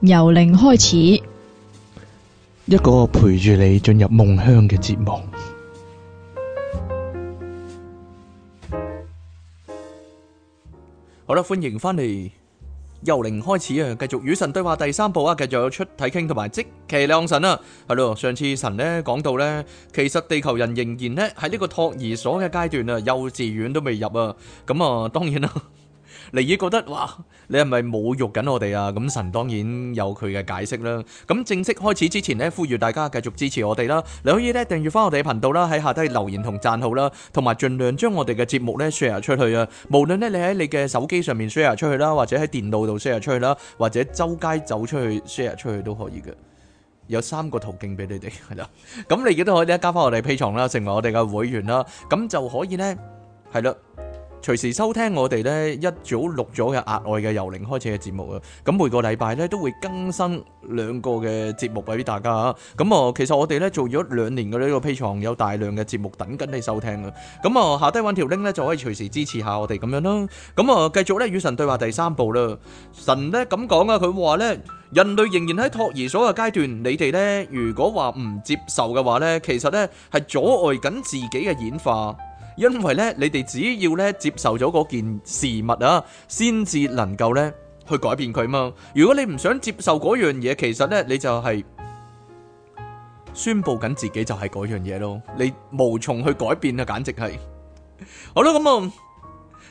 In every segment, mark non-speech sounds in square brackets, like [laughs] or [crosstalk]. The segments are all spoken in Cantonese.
由零開始，一個陪住你進入夢鄉嘅節目。好啦，歡迎翻嚟由零開始啊！繼續與神對話第三部啊，繼續有出體傾同埋即期亮神啊。係咯，上次神咧講到咧，其實地球人仍然咧喺呢個托兒所嘅階段啊，幼稚園都未入啊。咁啊，當然啦。你已而覺得哇，你係咪侮辱緊我哋啊？咁神當然有佢嘅解釋啦。咁正式開始之前咧，呼籲大家繼續支持我哋啦。你可以咧訂閱翻我哋嘅頻道啦，喺下低留言同贊好啦，同埋盡量將我哋嘅節目咧 share 出去啊。無論咧你喺你嘅手機上面 share 出去啦，或者喺電腦度 share 出去啦，或者周街走出去 share 出去都可以嘅。有三個途徑俾你哋係啦。咁 [laughs] 你亦都可以加翻我哋 P 牀啦，成為我哋嘅會員啦。咁就可以呢。係啦。隨時收聽我哋呢一早錄咗嘅額外嘅由零開始嘅節目啊！咁每個禮拜呢都會更新兩個嘅節目俾大家啊！咁啊，其實我哋呢做咗兩年嘅呢個 Patreon，有大量嘅節目等緊你收聽啊！咁啊，下低揾條 link 呢就可以隨時支持下我哋咁樣啦！咁啊，繼續呢與神對話第三部啦！神呢咁講啊，佢話呢人類仍然喺托兒所嘅階段，你哋呢如果話唔接受嘅話呢，其實呢係阻礙緊自己嘅演化。因為咧，你哋只要咧接受咗嗰件事物啊，先至能夠咧去改變佢嘛。如果你唔想接受嗰樣嘢，其實咧你就係宣布緊自己就係嗰樣嘢咯，你無從去改變啊，簡直係。 [laughs] 好啦，咁啊。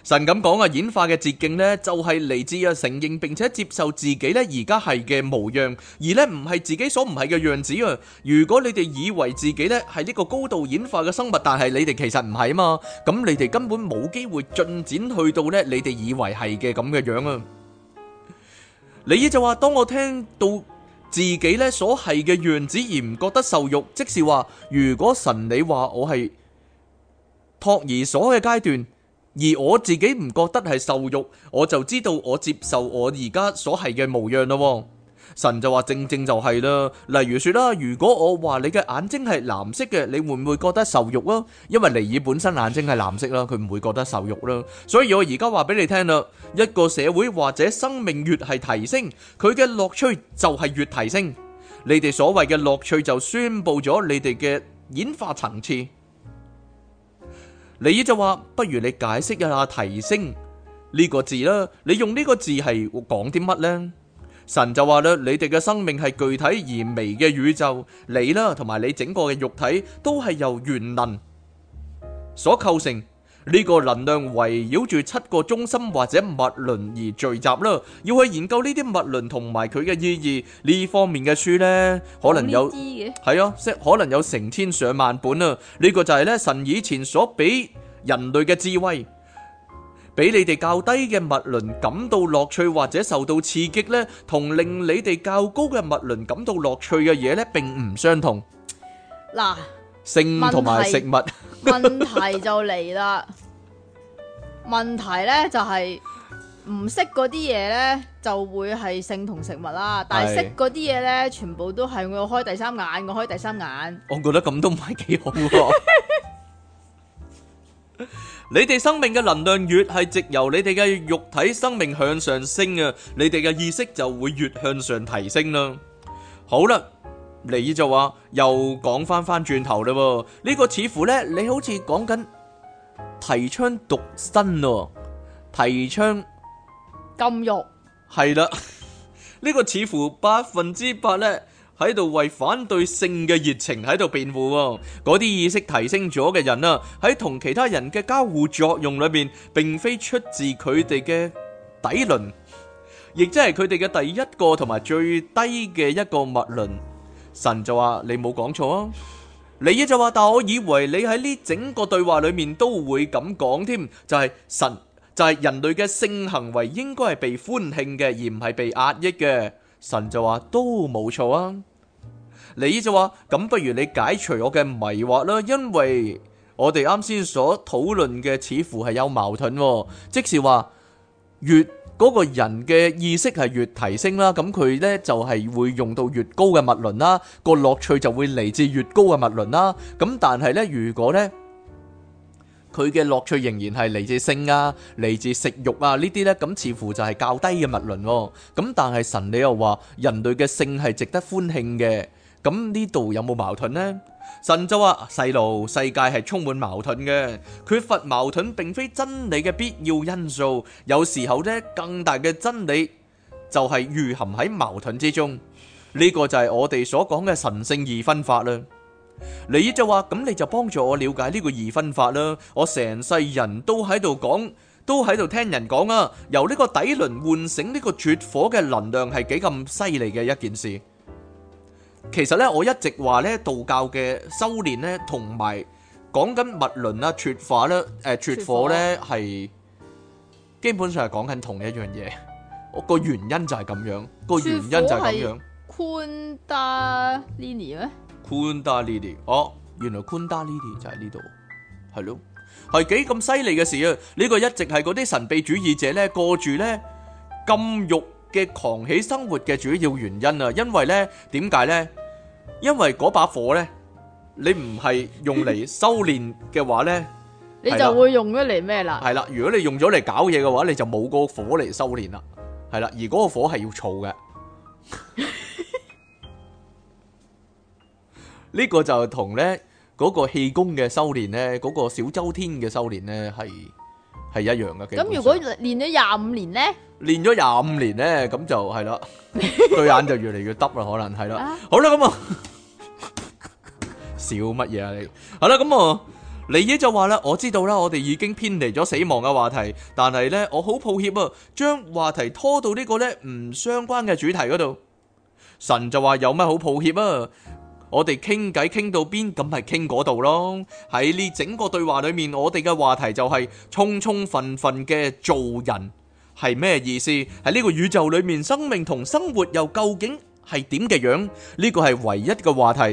神咁講啊，演化嘅捷徑呢，就係嚟自啊承認並且接受自己咧而家係嘅模樣，而呢唔係自己所唔係嘅樣子啊。如果你哋以為自己咧係一個高度演化嘅生物，但係你哋其實唔係啊嘛，咁你哋根本冇機會進展去到咧你哋以為係嘅咁嘅樣啊。李依 [laughs] 就話，當我聽到自己咧所係嘅樣子而唔覺得受辱，即是話，如果神你話我係託兒所嘅階段。而我自己唔覺得係受辱，我就知道我接受我而家所係嘅模樣咯。哦，神就話正正就係啦。例如說啦，如果我話你嘅眼睛係藍色嘅，你會唔會覺得受辱啊？因為尼爾本身眼睛係藍色啦，佢唔會覺得受辱啦。所以我而家話俾你聽啦，一個社會或者生命越係提升，佢嘅樂趣就係越提升。你哋所謂嘅樂趣就宣佈咗你哋嘅演化層次。你依就話，不如你解釋一下提升呢個字啦。你用呢個字係講啲乜咧？神就話啦，你哋嘅生命係具體而微嘅宇宙，你啦同埋你整個嘅肉體都係由元能所構成。呢個能量圍繞住七個中心或者物輪而聚集啦，要去研究呢啲物輪同埋佢嘅意義，呢方面嘅書呢，可能有係啊，可能有成千上萬本啊。呢個就係咧，神以前所俾人類嘅智慧，俾你哋較低嘅物輪感到樂趣或者受到刺激呢，同令你哋較高嘅物輪感到樂趣嘅嘢呢，並唔相同。嗱，性同埋食物。問題就嚟啦，問題呢就係唔識嗰啲嘢呢就會係性同食物啦，但係識嗰啲嘢呢全部都係我開第三眼，我開第三眼。我覺得咁都唔係幾好。你哋生命嘅能量越係藉由你哋嘅肉體生命向上升啊，你哋嘅意識就會越向上提升啦。好啦。你就話又講翻翻轉頭啦，呢、這個似乎咧，你好似講緊提倡獨身咯，提倡、哦、提倡禁欲係啦。呢、這個似乎百分之百咧喺度為反對性嘅熱情喺度辯護。嗰啲意識提升咗嘅人啊，喺同其他人嘅交互作用裏邊，並非出自佢哋嘅底輪，亦即係佢哋嘅第一個同埋最低嘅一個物論。神就話你冇講錯啊，你就話，但我以為你喺呢整個對話裡面都會咁講添，就係、是、神就係、是、人類嘅性行為應該係被歡慶嘅，而唔係被壓抑嘅。神就話都冇錯啊，你就話，咁不如你解除我嘅迷惑啦，因為我哋啱先所討論嘅似乎係有矛盾，啊，即是話越。嗰個人嘅意識係越提升啦，咁佢呢就係會用到越高嘅物輪啦，個樂趣就會嚟自越高嘅物輪啦。咁但係呢，如果呢佢嘅樂趣仍然係嚟自性啊、嚟自食慾啊呢啲呢，咁似乎就係較低嘅物輪喎。咁但係神，你又話人類嘅性係值得歡慶嘅，咁呢度有冇矛盾呢？神就話：細路，世界係充滿矛盾嘅，缺乏矛盾並非真理嘅必要因素。有時候呢，更大嘅真理就係寓含喺矛盾之中。呢、這個就係我哋所講嘅神聖二分法啦。你就話咁，你就幫助我了解呢個二分法啦。我成世人都喺度講，都喺度聽人講啊，由呢個底輪喚醒呢個絕火嘅能量係幾咁犀利嘅一件事。其實咧，我一直話咧，道教嘅修煉咧，同埋講緊物論啦、拙火咧、誒、呃、拙火咧，係基本上係講緊同一樣嘢。我個原因就係咁樣，個原因就係咁樣。昆達里尼咩？昆達里尼哦，原來昆達里尼就喺呢度，係咯，係幾咁犀利嘅事啊！呢、這個一直係嗰啲神秘主義者咧過住咧禁慾。嘅狂喜生活嘅主要原因啊，因為咧，點解咧？因為嗰把火咧，你唔係用嚟修煉嘅話咧，你就會用咗嚟咩啦？係啦，如果你用咗嚟搞嘢嘅話，你就冇個火嚟修煉啦。係啦，而嗰個火係要燥嘅。呢個就同咧嗰個氣功嘅修煉咧，嗰個小周天嘅修煉咧，係。係一樣噶。咁如果練咗廿五年呢？練咗廿五年呢？咁就係啦，對眼就越嚟越耷啦，可能係啦。好啦，咁啊，笑乜嘢啊你？好啦，咁啊，李姐就話啦，我知道啦，我哋已經偏離咗死亡嘅話題，但係呢，我好抱歉啊，將話題拖到呢個呢唔相關嘅主題嗰度。神就話有咩好抱歉啊？我哋傾偈傾到邊，咁係傾嗰度咯。喺呢整個對話裏面，我哋嘅話題就係充充分分嘅做人係咩意思？喺呢個宇宙裏面，生命同生活又究竟係點嘅樣？呢個係唯一嘅話題，而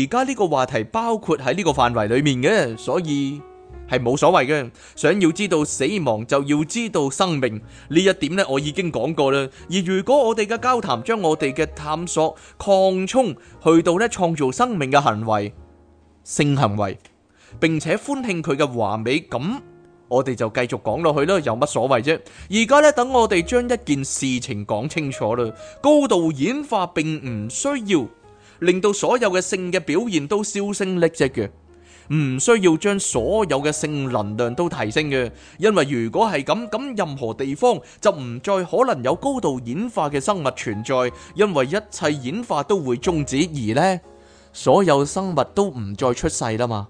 而家呢個話題包括喺呢個範圍裏面嘅，所以。係冇所謂嘅，想要知道死亡就要知道生命呢一點呢，我已經講過啦。而如果我哋嘅交談將我哋嘅探索擴充去到呢創造生命嘅行為、性行為，並且歡慶佢嘅華美，咁我哋就繼續講落去啦，有乜所謂啫？而家呢，等我哋將一件事情講清楚啦。高度演化並唔需要令到所有嘅性嘅表現都銷聲匿迹嘅。唔需要將所有嘅性能量都提升嘅，因為如果係咁，咁任何地方就唔再可能有高度演化嘅生物存在，因為一切演化都會終止，而呢所有生物都唔再出世啦嘛。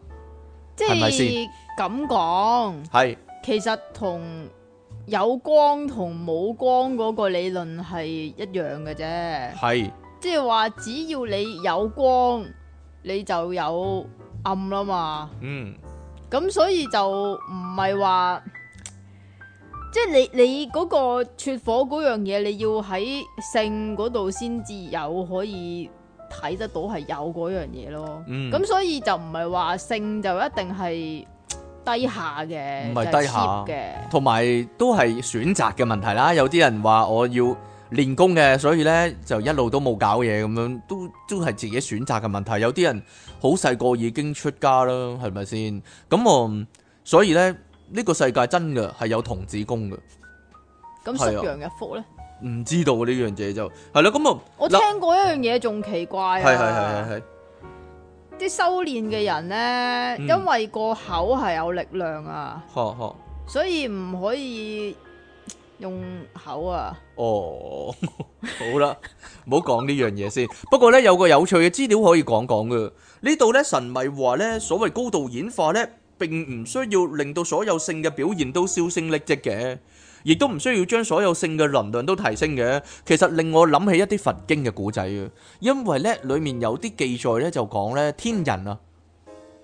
即係咪係咁講？係，其實同有光同冇光嗰個理論係一樣嘅啫。係，即係話只要你有光，你就有。暗啦嘛，嗯，咁所以就唔係話，即係你你嗰個撮火嗰樣嘢，你，你要喺性嗰度先至有可以睇得到係有嗰樣嘢咯，嗯，咁所以就唔係話性就一定係低下嘅，唔係低下嘅，同埋都係選擇嘅問題啦，有啲人話我要。練功嘅，所以咧就一路都冇搞嘢咁樣，都都係自己選擇嘅問題。有啲人好細個已經出家啦，係咪先？咁我、嗯、所以咧呢、呢個世界真嘅係有童子功嘅。咁旭、嗯啊、陽一福咧？唔知道呢樣嘢就係咯。咁我、啊嗯、我聽過一樣嘢仲奇怪、啊，係係係係係啲修煉嘅人咧，嗯、因為個口係有力量啊，吓吓、嗯，嗯、所以唔可以。用口啊！哦，好啦，唔好講呢樣嘢先。不過咧，有個有趣嘅資料可以講講嘅。呢度咧神迷話咧，所謂高度演化咧，並唔需要令到所有性嘅表現都銷聲匿跡嘅，亦都唔需要將所有性嘅能量都提升嘅。其實令我諗起一啲佛經嘅古仔嘅，因為咧裏面有啲記載咧就講咧天人啊，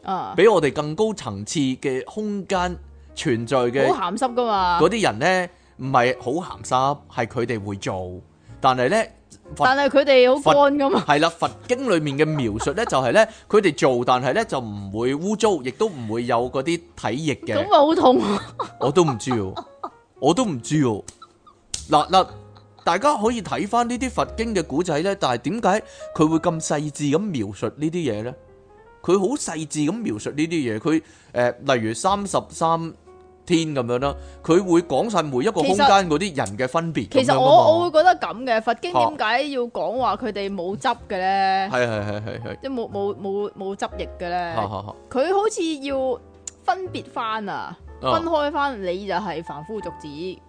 啊，比我哋更高層次嘅空間存在嘅，好咸濕噶嘛，嗰啲人咧。唔係好鹹濕，係佢哋會做，但係咧，但係佢哋好乾噶嘛？係啦，佛經裏面嘅描述咧，就係咧，佢哋做，但係咧就唔會污糟，亦都唔會有嗰啲體液嘅。咁咪好痛，啊我？我都唔知哦，我都唔知哦。嗱嗱，大家可以睇翻，呢啲佛經嘅古仔咧，但係點解佢會咁細緻咁描述呢啲嘢咧？佢好細緻咁描述呢啲嘢，佢誒、呃，例如三十三。天咁樣咯，佢會講晒每一個空間嗰啲人嘅分別。其實我我會覺得咁嘅，佛經點解要講話佢哋冇執嘅咧？係係係係係，即冇冇冇冇執液嘅咧。佢 É, é. 好似要分別翻啊，É. 分開翻，你就係凡夫俗子，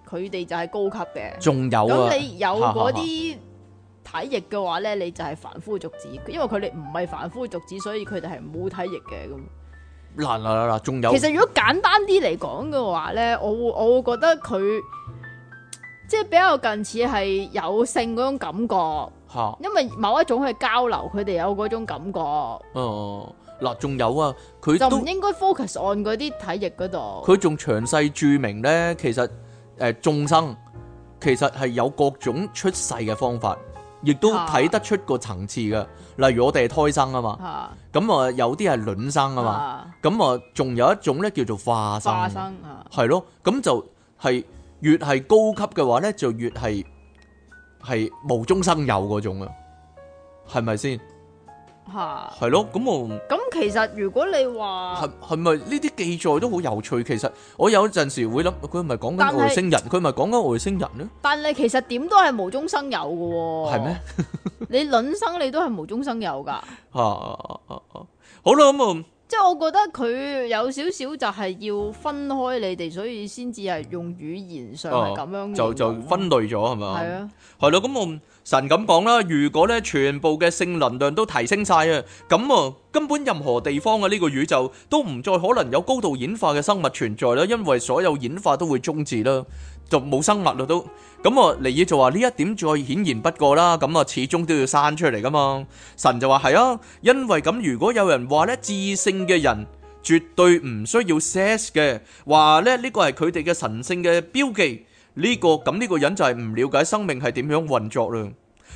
佢哋 É. 就係高級嘅。仲有咁你有嗰啲體液嘅話咧，é. Ừ, é. 你就係凡夫俗子，因為佢哋唔係凡夫俗子，所以佢哋係冇體液嘅咁。嗱嗱嗱嗱，仲有。其實如果簡單啲嚟講嘅話咧，我會我會覺得佢即係比較近似係有性嗰種感覺嚇，因為某一種係交流，佢哋有嗰種感覺。哦，嗱，仲有啊，佢就唔應該 focus on 嗰啲體液嗰度。佢仲詳細註明咧，其實誒眾生其實係有各種出世嘅方法，亦都睇得出個層次嘅，例如我哋係胎生啊嘛，咁啊有啲係卵生啊嘛，咁啊仲有一種咧叫做化生、啊，係、啊、咯，咁就係越係高級嘅話咧，就越係係無中生有嗰種啊，係咪先？係係咯，咁我咁其實如果你話係係咪呢啲記載都好有趣？其實我有陣時會諗佢咪講緊外星人，佢咪講緊外星人咧？但係其實點都係無中生有噶、啊，係咩是嗎？ [laughs] 你卵生你都係無中生有噶。吓，啊啊，好啦，咁我即係我覺得佢有少少就係要分開你哋，所以先至係用語言上係咁樣，啊，就就分類咗係嘛？係啊，係咯，咁，啊、我。神咁講啦，如果咧全部嘅性能量都提升晒啊，咁啊根本任何地方嘅呢個宇宙都唔再可能有高度演化嘅生物存在啦，因為所有演化都會終止啦，就冇生物啦都。咁啊，尼爾就話呢一點再顯然不過啦，咁啊始終都要生出嚟噶嘛。神就話係啊，因為咁如果有人話咧智性嘅人絕對唔需要 sex 嘅話，咧呢個係佢哋嘅神聖嘅標記。呢個，咁呢個人就係唔了解生命係點樣運作啦。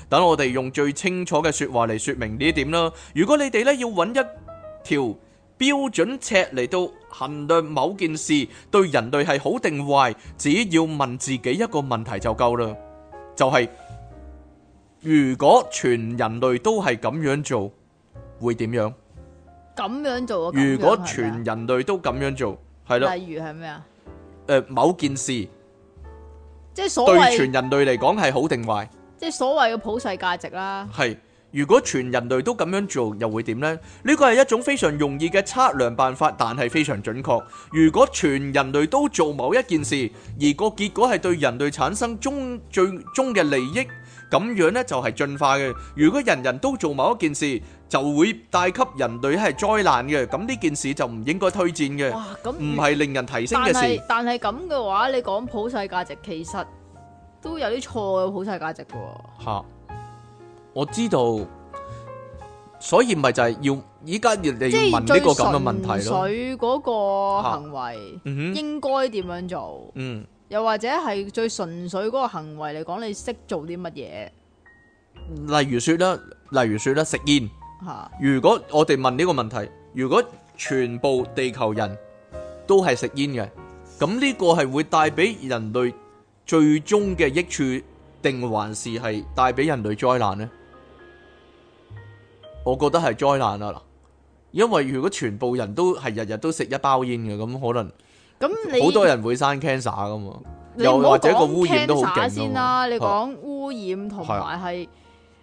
等我哋用最清楚嘅說話嚟說明呢一點啦。如果你哋咧，要揾一條標準尺嚟到衡量某件事對人類係好定壞，只要問自己一個問題就夠啦。就係如果全人類都係咁樣做，會點樣？咁樣做啊！如果全人類都咁樣做，係咯？例如係咩啊？誒，某件事。即係對全人類嚟講係好定壞？即係所謂嘅普世價值啦。係，如果全人類都咁樣做又會點呢？呢個係一種非常容易嘅測量辦法，但係非常準確。如果全人類都做某一件事，而個結果係對人類產生終最終嘅利益，咁樣呢就係進化嘅。如果人人都做某一件事。就會帶給人類係災難嘅，咁呢件事就唔應該推薦嘅。哇，咁唔係令人提升嘅事。但係但係咁嘅話，你講普世價值，其實都有啲錯嘅普世價值嘅。吓，我知道，所以咪就係要依家越嚟越問呢個咁嘅問題咯。水嗰個行為，嗯哼，應該點樣做？嗯，又或者係最純粹嗰個行為嚟講，你識做啲乜嘢？例如說啦，例如說啦，食煙。如果我哋問呢個問題，如果全部地球人都係食煙嘅，咁呢個係會帶俾人類最終嘅益處，定還是係帶俾人類災難呢？我覺得係災難啦，因為如果全部人都係日日都食一包煙嘅，咁可能，咁好多人會生 cancer 㗎嘛，你又或者個污染都勁到。你講污染同埋係。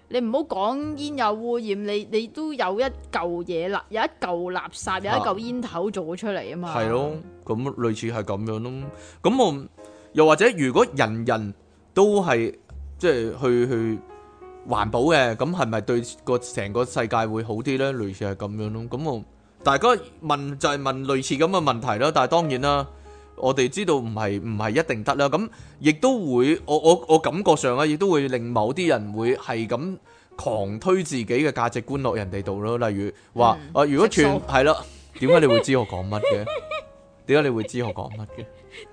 你唔好講煙有污染，你你都有一嚿嘢垃，有一嚿垃圾，有一嚿煙頭做出嚟啊嘛，係咯，咁類似係咁樣咯。咁我又或者如果人人都係即係去去環保嘅，咁係咪對個成個世界會好啲咧？類似係咁樣咯。咁我大家問就係問類似咁嘅問題咯。但係當然啦。我哋知道唔係唔係一定得啦，咁亦都會，我我我感覺上啊，亦都會令某啲人會係咁狂推自己嘅價值觀落人哋度咯。例如話，啊，如果全係咯，點解、嗯、你會知我講乜嘅？點解你會知我講乜嘅？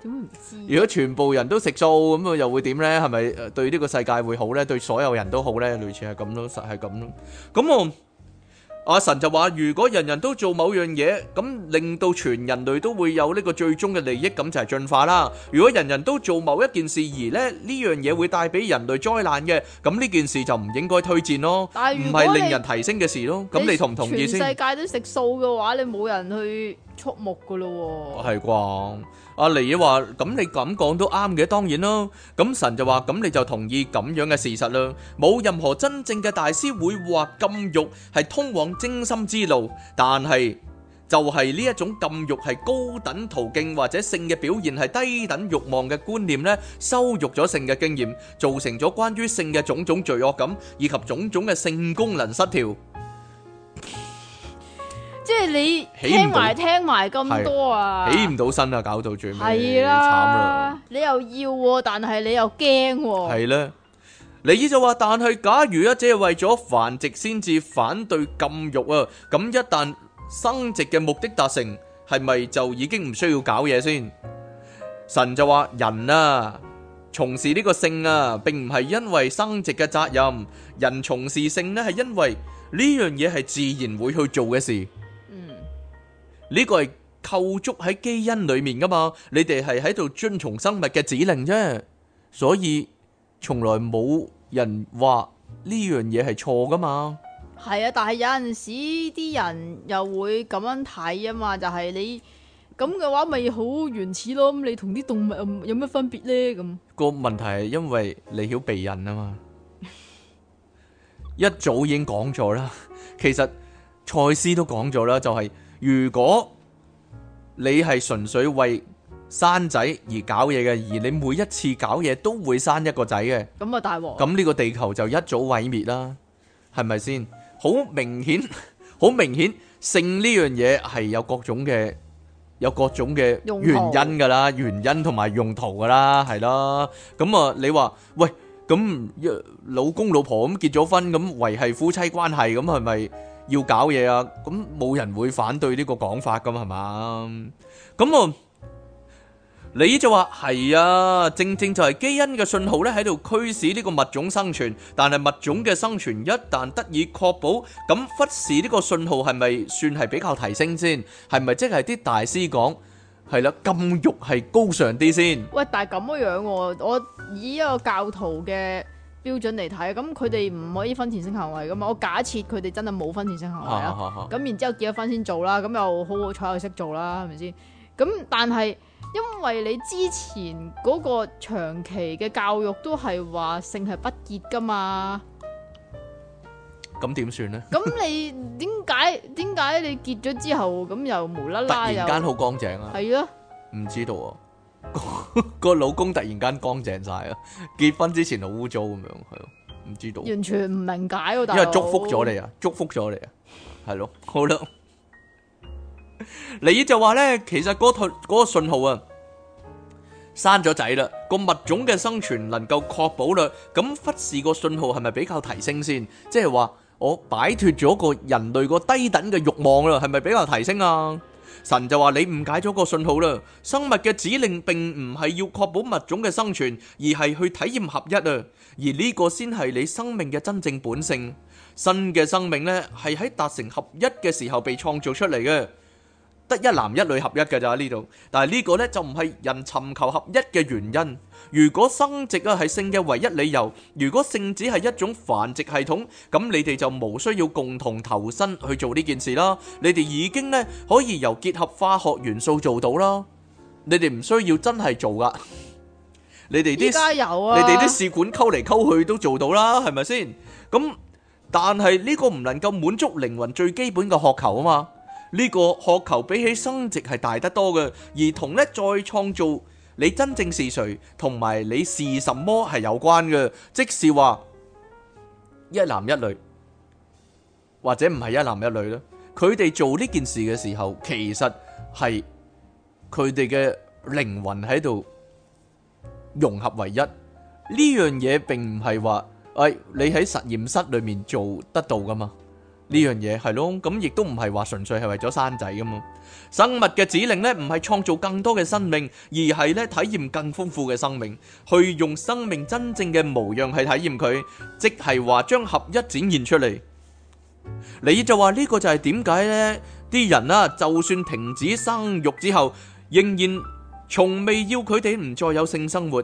點唔知？知如果全部人都食素，咁啊又會點咧？係咪對呢個世界會好咧？對所有人都好咧？類似係咁咯，實係咁咯。咁我。阿神就話：如果人人都做某樣嘢，咁令到全人類都會有呢個最終嘅利益，咁就係進化啦。如果人人都做某一件事而咧呢樣嘢會帶俾人類災難嘅，咁呢件事就唔應該推薦咯，唔係如令人提升嘅事咯。咁你,你同唔同意先？全世界都食素嘅話，你冇人去畜牧噶啦，係啩？阿尼話，咁你咁講都啱嘅，當然啦。咁神就話，咁你就同意咁樣嘅事實啦。冇任何真正嘅大師會話禁欲係通往精心之路，但係就係呢一種禁欲係高等途徑或者性嘅表現係低等欲望嘅觀念咧，羞辱咗性嘅經驗，造成咗關於性嘅種種罪惡感以及種種嘅性功能失調。即係你聽埋聽埋咁多啊，啊起唔到身啊，搞到最尾你慘啦！啊、了你又要、啊，但係你又驚喎、啊。係啦、啊，你意思就話：但係假如啊，只係為咗繁殖先至反對禁欲啊，咁一旦生殖嘅目的達成，係咪就已經唔需要搞嘢先？神就話：人啊，從事呢個性啊，並唔係因為生殖嘅責任，人從事性呢，係因為呢樣嘢係自然會去做嘅事。呢個係構築喺基因裏面噶嘛？你哋係喺度遵從生物嘅指令啫，所以從來冇人話呢樣嘢係錯噶嘛。係啊，但係有陣時啲人又會咁樣睇啊嘛，就係你咁嘅話，咪好原始咯。咁你同啲動物有咩分別咧？咁個問題係因為你曉避孕啊嘛，一早已經講咗啦。其實賽斯都講咗啦，就係。如果你係純粹為生仔而搞嘢嘅，而你每一次搞嘢都會生一個仔嘅，咁啊大鑊！咁呢個地球就一早毀滅啦，係咪先？好明顯，好明顯，性呢樣嘢係有各種嘅，有各種嘅原因噶啦，原因同埋用途噶啦，係咯。咁啊，你話喂，咁老公老婆咁結咗婚咁維繫夫妻關係咁係咪？要搞嘢啊！咁冇人會反對呢個講法噶嘛，係嘛？咁啊你就話係啊，正正就係基因嘅信號呢喺度驅使呢個物種生存，但係物種嘅生存一旦得以確保，咁忽視呢個信號係咪算係比較提升先？係咪即係啲大師講係啦？禁欲係高尚啲先？喂！但係咁嘅樣，我以一個教徒嘅。標準嚟睇，咁佢哋唔可以分前性行為噶嘛？我假設佢哋真係冇分前性行為啊，咁 [music] 然之後結咗婚先做啦？咁又好好彩又識做啦，係咪先？咁但係因為你之前嗰個長期嘅教育都係話性係不結噶嘛，咁點算呢？咁 [laughs] 你點解，點解你結咗之後咁又無啦啦突然間好乾淨啊？係咯、啊，唔知道啊。個 [laughs] 老公突然間乾淨晒啦，結婚之前就污糟咁樣，係咯，唔知道，完全唔明解喎。爸爸因為祝福咗你啊，祝福咗你啊，係咯，好啦。 [laughs] 你姨就話咧，其實嗰個嗰個信號啊，生咗仔啦，個物種嘅生存能夠確保啦，咁忽視個信號係咪比較提升先？即係話我擺脱咗個人類個低等嘅欲望啦，係咪比較提升啊？神就話你誤解咗個信號啦，生物嘅指令並唔係要確保物種嘅生存，而係去體驗合一啊，而呢個先係你生命嘅真正本性。新嘅生命咧係喺達成合一嘅時候被創造出嚟嘅。一男一女合一嘅咋呢度？但係呢個咧就唔係人尋求合一嘅原因。如果生殖啊係性嘅唯一理由，如果性只係一種繁殖系統，咁你哋就無需要共同投身去做呢件事啦。你哋已經咧可以由結合化學元素做到啦。你哋唔需要真係做噶。你哋啲，你哋啲試管溝嚟溝去都做到啦，係咪先？咁但係呢個唔能夠滿足靈魂最基本嘅渴求啊嘛。呢個渴求比起生殖係大得多嘅，而同咧再創造你真正是誰同埋你是什麼係有關嘅，即是話一男一女或者唔係一男一女啦，佢哋做呢件事嘅時候，其實係佢哋嘅靈魂喺度融合為一，呢樣嘢並唔係話誒你喺實驗室裏面做得到噶嘛。呢樣嘢係咯，咁亦都唔係話純粹係為咗生仔噶嘛。生物嘅指令呢，唔係創造更多嘅生命，而係呢體驗更豐富嘅生命，去用生命真正嘅模樣去體驗佢，即係話將合一展現出嚟。你就話呢個就係點解呢？啲人呀，就算停止生育之後，仍然從未要佢哋唔再有性生活。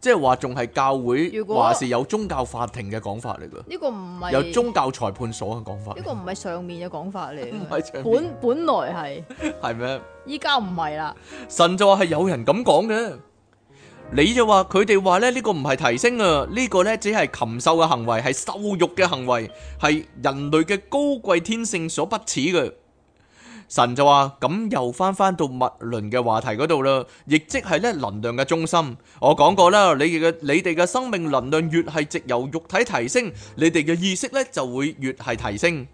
即係話仲係教會話是有宗教法庭嘅講法嚟嘅，呢個唔係有宗教裁判所嘅講法。呢個唔係上面嘅講法嚟， [laughs] 本本來係係咩？依家唔係啦。神就話係有人咁講嘅，你就話佢哋話咧呢、這個唔係提升啊，這個、呢個咧只係禽獸嘅行為，係獸慾嘅行為，係人類嘅高貴天性所不齒嘅。神就話咁又翻翻到物輪嘅話題嗰度啦，亦即係咧能量嘅中心。我講過啦，你嘅你哋嘅生命能量越係藉由肉體提升，你哋嘅意識咧就會越係提升。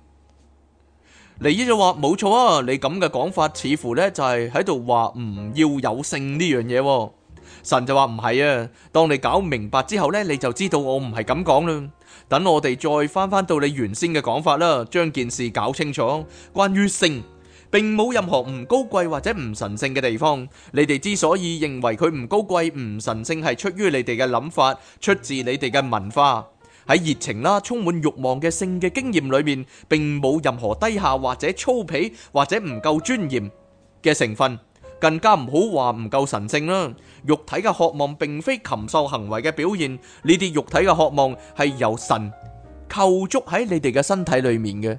尼爾就話冇錯啊，你咁嘅講法似乎咧就係喺度話唔要有性呢樣嘢。神就話唔係啊，當你搞明白之後咧，你就知道我唔係咁講啦。等我哋再翻翻到你原先嘅講法啦，將件事搞清楚關於性，並冇任何唔高貴或者唔神聖嘅地方。你哋之所以認為佢唔高貴、唔神聖，係出於你哋嘅諗法，出自你哋嘅文化。喺熱情啦、充滿欲望嘅性嘅經驗裏面，並冇任何低下或者粗鄙或者唔夠尊嚴嘅成分。更加唔好話唔夠神聖啦。肉體嘅渴望並非禽獸行為嘅表現，呢啲肉體嘅渴望係由神構築喺你哋嘅身體裏面嘅。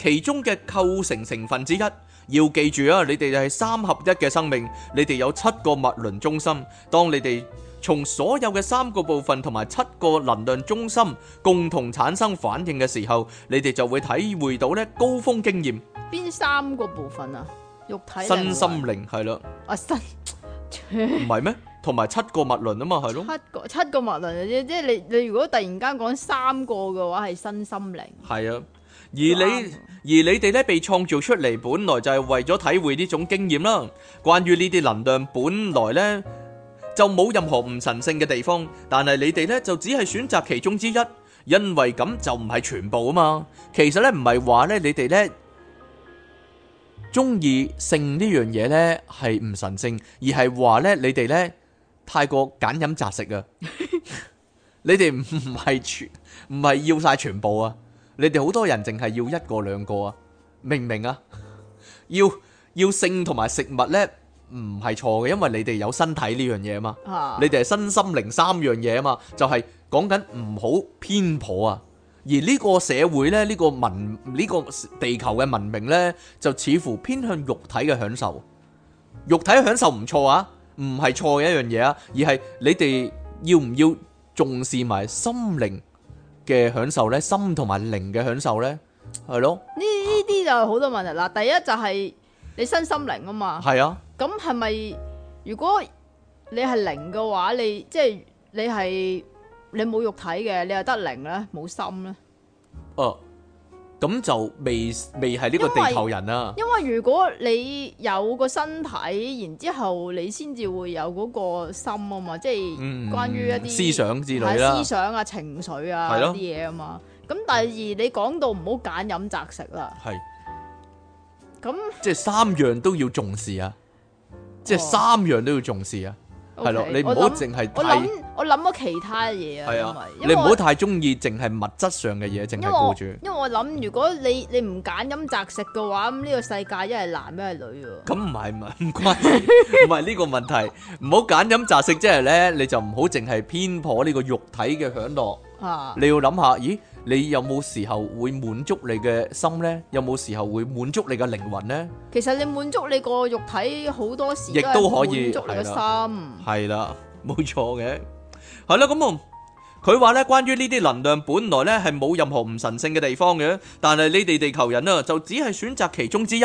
其中嘅構成成分之一，要記住啊！你哋係三合一嘅生命，你哋有七個物輪中心。當你哋從所有嘅三個部分同埋七個能量中心共同產生反應嘅時候，你哋就會體會到呢高峰經驗。邊三個部分啊？肉體、身心靈係啦。啊，身唔係咩？同埋七個物輪啊嘛，係咯。七個七個物輪啫，即係你你如果突然間講三個嘅話，係身心靈。係啊。而你而你哋咧被創造出嚟，本來就係為咗體會呢種經驗啦。關於呢啲能量，本來咧就冇任何唔神性嘅地方，但係你哋咧就只係選擇其中之一，因為咁就唔係全部啊嘛。其實咧唔係話咧你哋咧中意性呢樣嘢咧係唔神性，而係話咧你哋咧太過揀飲擇食啊！ [laughs] 你哋唔唔係全唔係要晒全部啊！你哋好多人淨係要一個兩個啊，明唔明啊，要要性同埋食物咧唔係錯嘅，因為你哋有身體呢樣嘢啊嘛，你哋係身心靈三樣嘢啊嘛，就係講緊唔好偏頗啊，而呢個社會咧，呢個文呢個地球嘅文明咧，就似乎偏向肉體嘅享受，肉體嘅享受唔錯啊，唔係錯嘅一樣嘢啊，而係你哋要唔要重視埋心靈？嘅享受咧，心同埋靈嘅享受咧，係咯。呢呢啲就係好多問題啦。第一就係你身心靈啊嘛。係啊。咁係咪？如果你係靈嘅話，你即係你係你冇肉體嘅，你係得靈咧，冇心咧？啊！咁就未未係呢個地球人啦。因為如果你有個身體，然之後你先至會有嗰個心啊嘛，即係關於一啲思想之類啦，思想啊、情緒啊啲嘢啊嘛。咁第二，你講到唔好揀飲擇食啦。係。咁即係三樣都要重視啊！即係三樣都要重視啊！係咯，你唔好淨係睇。我諗咗其他嘢啊，係啊，你唔好太中意淨係物質上嘅嘢，淨係顧住。因為我諗，如果你你唔揀飲擇食嘅話，咁呢個世界一係男一係女。咁唔係唔係唔關，唔係呢個問題。唔好揀飲擇食，即係咧，你就唔好淨係偏頗呢個肉體嘅享樂。啊！你要諗下，咦？你有冇時候會滿足你嘅心咧？有冇時候會滿足你嘅靈魂咧？其實你滿足你個肉體好多時亦都可以滿足你嘅心。係啦，冇錯嘅。係啦，咁啊，佢話呢，關於呢啲能量，本來呢係冇任何唔神聖嘅地方嘅，但係你哋地球人啊，就只係選擇其中之一，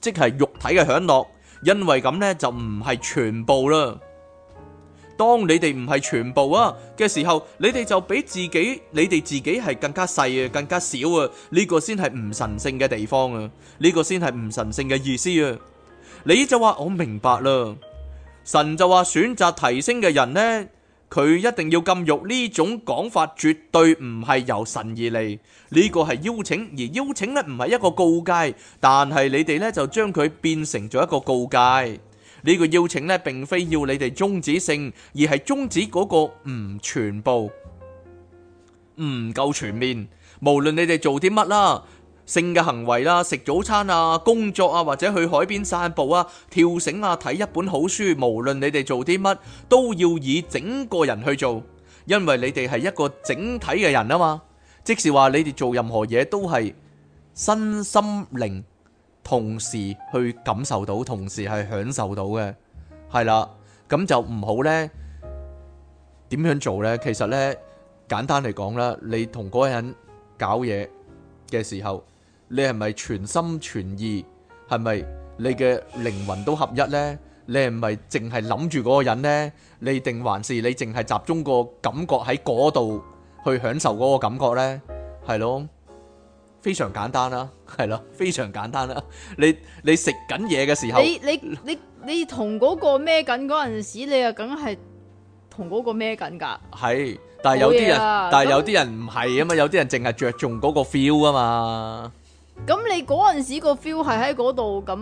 即係肉體嘅享樂，因為咁呢就唔係全部啦。當你哋唔係全部啊嘅時候，你哋就比自己，你哋自己係更加細啊，更加少啊，呢個先係唔神聖嘅地方啊，呢個先係唔神聖嘅意思啊。你就話我明白啦，神就話選擇提升嘅人呢，佢一定要禁慾呢種講法絕對唔係由神而嚟，呢個係邀請，而邀請呢唔係一個告誡，但係你哋呢就將佢變成咗一個告誡。呢個邀請呢並非要你哋終止性，而係終止嗰個唔全部、唔夠全面。無論你哋做啲乜啦，性嘅行為啦，食早餐啊，工作啊，或者去海邊散步啊，跳繩啊，睇一本好書，無論你哋做啲乜，都要以整個人去做，因為你哋係一個整體嘅人啊嘛。即是話你哋做任何嘢都係身心靈同時去感受到，同時係享受到嘅，係啦。咁就唔好呢，點樣做呢？其實呢，簡單嚟講啦，你同嗰個人搞嘢嘅時候，你係咪全心全意？係咪你嘅靈魂都合一呢？你係咪淨係諗住嗰個人呢？你定還是你淨係集中個感覺喺嗰度去享受嗰個感覺呢？係咯，非常簡單啦，係咯，非常簡單啦。你你食緊嘢嘅時候，你你你你同嗰個咩緊嗰陣時，你又梗係同嗰個咩緊噶？係，但係有啲人，但係有啲人唔係啊嘛，有啲人淨係着重嗰個 feel 啊嘛。咁你嗰陣時個 feel 係喺嗰度，咁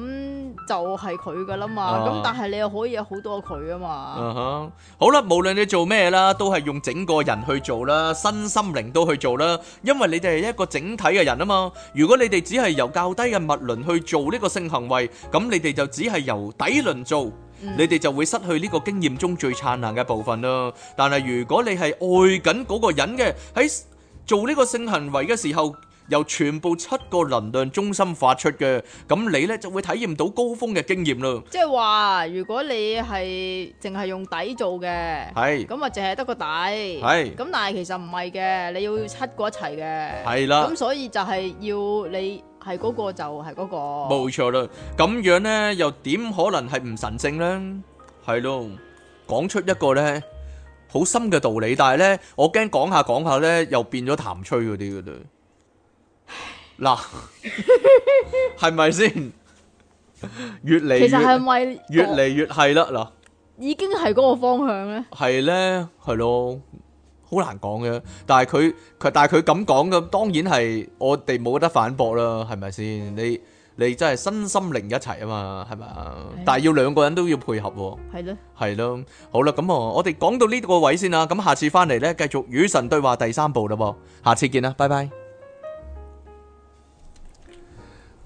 就係佢噶啦嘛。咁但係你又可以有好多佢啊嘛。嗯哼，好啦，無論你做咩啦，都係用整個人去做啦，身心靈都去做啦，因為你哋係一個整體嘅人啊嘛。如果你哋只係由較低嘅物輪去做呢個性行為，咁你哋就只係由底輪做，你哋就會失去呢個經驗中最燦爛嘅部分咯。但係如果你係愛緊嗰個人嘅，喺做呢個性行為嘅時候，由全部七個能量中心發出嘅，咁你咧就會體驗到高峰嘅經驗啦。即係話，如果你係淨係用底做嘅，係咁啊，淨係得個底，係咁，但係其實唔係嘅，你要七個一齊嘅，係啦。咁所以就係要你係嗰個，就係嗰個，冇錯啦。咁樣咧，又點可能係唔神聖咧？係咯，講出一個咧好深嘅道理，但係咧，我驚講下講下咧又變咗談吹嗰啲嘅啫。嗱，係咪先？越嚟，其實係咪越嚟越係啦？嗱，已經係嗰個方向咧，係咧，係咯，好難講嘅。但係佢佢但係佢咁講嘅，當然係我哋冇得反駁啦。係咪先？你你真係身心靈一齊啊嘛，係咪啊？但係要兩個人都要配合喎，係咯，係咯。好啦，咁我我哋講到呢個位先啦。咁下次翻嚟咧，繼續與神對話第三部啦。下次見啦，拜拜。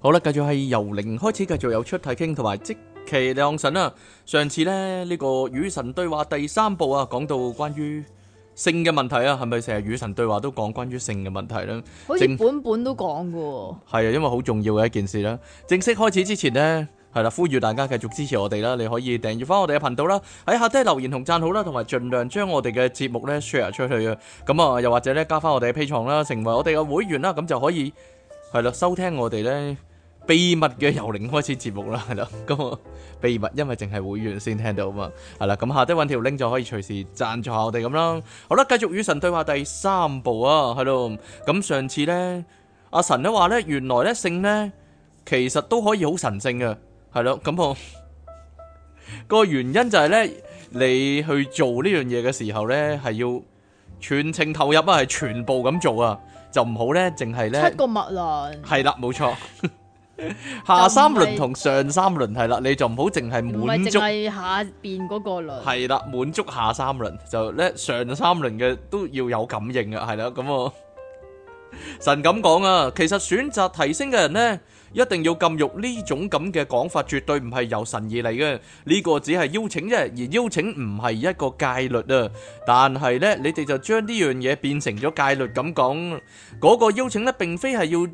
好啦，繼續係由零開始，繼續有出題傾同埋即期亮神啊。上次咧呢、這個與神對話第三部啊，講到關於性嘅問題啊，係咪成日與神對話都講關於性嘅問題咧？好似本本都講噶、哦。係啊，因為好重要嘅一件事啦、啊。正式開始之前呢，係啦、啊，呼籲大家繼續支持我哋啦、啊。你可以訂閱翻我哋嘅頻道啦、啊，喺下低留言同讚好啦、啊，同埋盡量將我哋嘅節目咧 share 出去啊。咁啊，又或者咧加翻我哋嘅 P 床啦、啊，成為我哋嘅會員啦、啊，咁就可以係啦、啊，收聽我哋咧。秘密嘅由零開始節目啦，係咯，咁 [laughs] 啊秘密，因為淨係會員先聽到啊嘛，係啦，咁、 [laughs] 嗯、下低揾條 link 就可以隨時贊助下我哋咁啦。好啦，繼續與神對話第三部啊，係咯，咁上次咧，阿神都話咧，原來咧性咧其實都可以好神聖嘅，係咯，咁啊個原因就係咧，你去做呢樣嘢嘅時候咧，係要全程投入啊，係全部咁做啊，就唔好咧，淨係咧七個脈輪，係啦，冇錯。 [laughs] 下三輪同上三輪，係啦，你就唔好淨係滿足下邊嗰個輪，係啦，滿足下三輪就咧上三輪嘅都要有感應啊，係啦。咁啊神咁講啊，其實選擇提升嘅人咧，一定要禁欲呢種咁嘅講法，絕對唔係由神而嚟嘅。呢個只係邀請啫，而邀請唔係一個戒律啊，但係咧你哋就將呢樣嘢變成咗戒律咁講，嗰個邀請咧，並非係要。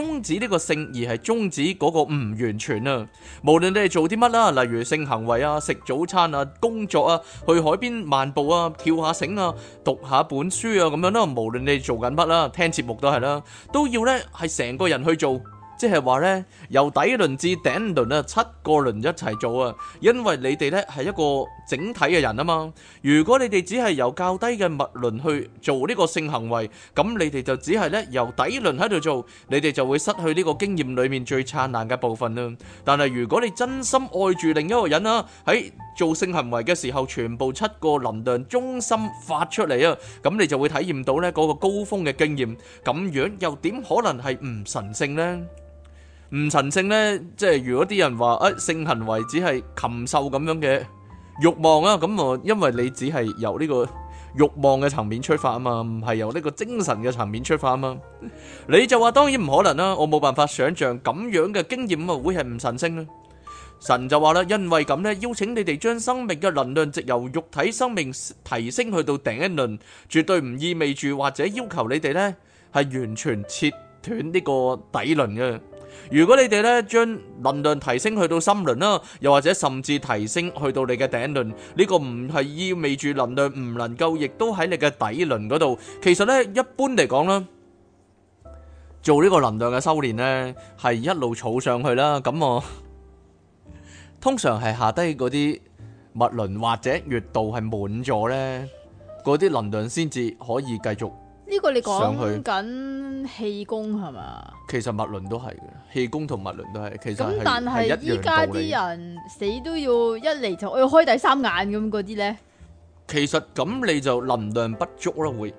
終止呢個性，而係終止嗰個唔完全啊。無論你係做啲乜啦，例如性行為啊、食早餐啊、工作啊、去海邊漫步啊、跳下繩啊、讀下本書啊，咁樣啦。無論你做緊乜啦，聽節目都係啦，都要呢係成個人去做。即係話呢，由底輪至頂輪啊，七個輪一齊做啊，因為你哋呢係一個整體嘅人啊嘛。如果你哋只係由較低嘅物輪去做呢個性行為，咁你哋就只係呢由底輪喺度做，你哋就會失去呢個經驗裏面最燦爛嘅部分啦。但係如果你真心愛住另一個人啊，喺做性行為嘅時候，全部七個能量中心發出嚟啊，咁你就會體驗到呢嗰個高峰嘅經驗。咁樣又點可能係唔神聖呢？唔神聖咧，即係如果啲人話誒，性行為只係禽獸咁樣嘅慾望啊，咁啊，因為你只係由呢個慾望嘅層面出發啊嘛，唔係由呢個精神嘅層面出發啊嘛，你就話當然唔可能啦，我冇辦法想象咁樣嘅經驗啊，會係唔神聖啊。神就話啦，因為咁咧，邀請你哋將生命嘅能量直由肉體生命提升去到頂輪，絕對唔意味住或者要求你哋咧係完全切斷呢個底輪嘅。如果你哋咧將，能量提升去到心輪啦，又或者甚至提升去到你嘅頂輪，呢個唔係意味住能量唔能夠，亦都喺你嘅底輪嗰度。其實咧，一般嚟講啦，做呢個能量嘅修煉咧，係一路儲上去啦。咁我通常係下低嗰啲物輪或者月度係滿咗咧，嗰啲能量先至可以繼續。呢個你講緊氣功係嘛去吧？其實物論都係嘅，氣功同物論都係。其實咁但係依家啲人，死都要一嚟，就我要開第三眼咁嗰啲咧。其實咁你就能量不足啦，會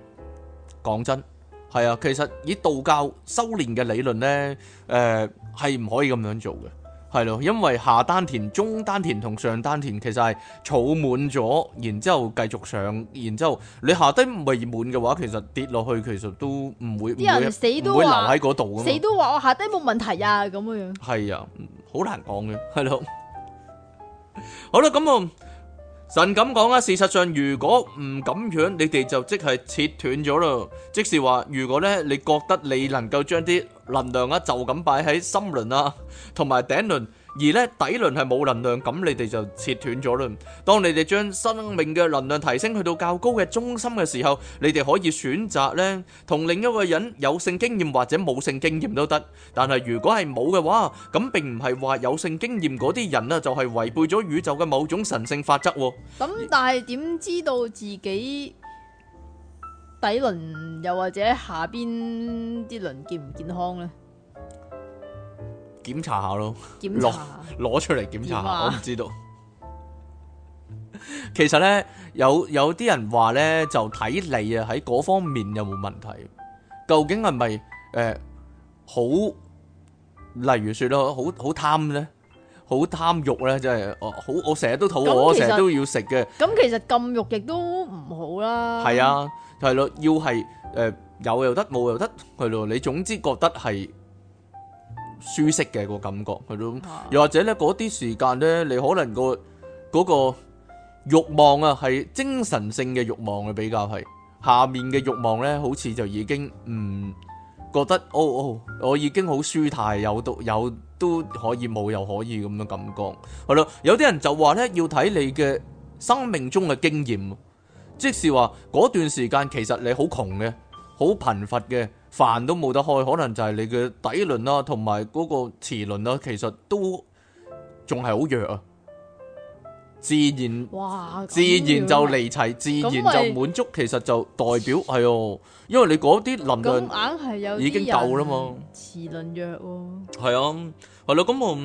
講真係啊。其實以道教修煉嘅理論咧，誒，係唔可以咁樣做嘅。係咯，因為下丹田、中丹田同上丹田其實係儲滿咗，然之後繼續上，然之後你下低唔係滿嘅話，其實跌落去其實都唔會，啲人死都話，會留喺度死都話我下低冇問題啊咁嘅樣。係啊，難 [laughs] 好難講嘅，係咯。好啦，咁啊神咁講啦，事實上如果唔咁樣，你哋就即係切斷咗啦。即是話，如果咧你覺得你能夠將啲。能量啊，就咁擺喺心輪啊，同埋頂輪，而呢底輪係冇能量，咁你哋就切斷咗啦。當你哋將生命嘅能量提升去到較高嘅中心嘅時候，你哋可以選擇呢同另一個人有性經驗或者冇性經驗都得。但係如果係冇嘅話，咁並唔係話有性經驗嗰啲人啊就係違背咗宇宙嘅某種神聖法則。咁但係點知道自己？底輪又或者下邊啲輪健唔健康咧？檢查下咯，檢攞攞出嚟檢查下，我唔知道。 [laughs] 其實咧，有有啲人話咧，就睇你啊喺嗰方面有冇問題？究竟係咪誒好？例如說咯，好好貪咧，好貪慾咧，即係哦，好，好我成日都肚餓，成日都要食嘅。咁其，其實禁肉亦都唔好啦。係啊。係咯，要係誒有又得，冇又得，係咯。你總之覺得係舒適嘅個感覺，係咯。又或者咧，嗰啲時間咧，你可能個嗰個欲望啊，係精神性嘅欲望嘅比較係。下面嘅欲望咧，好似就已經唔覺得，哦哦，我已經好舒泰，有都有都可以，冇又可以咁嘅感覺。係咯，有啲人就話咧，要睇你嘅生命中嘅經驗。即是話嗰段時間，其實你好窮嘅，好貧乏嘅，飯都冇得開，可能就係你嘅底輪啦，啊，同埋嗰個臍輪啦，其實都仲係好弱啊。自然哇，自然就離齊，啊、自然就滿足，就是、其實就代表係哦、啊，因為你嗰啲能量已經夠啦嘛。臍輪、嗯、弱喎，係啊，係咯，咁我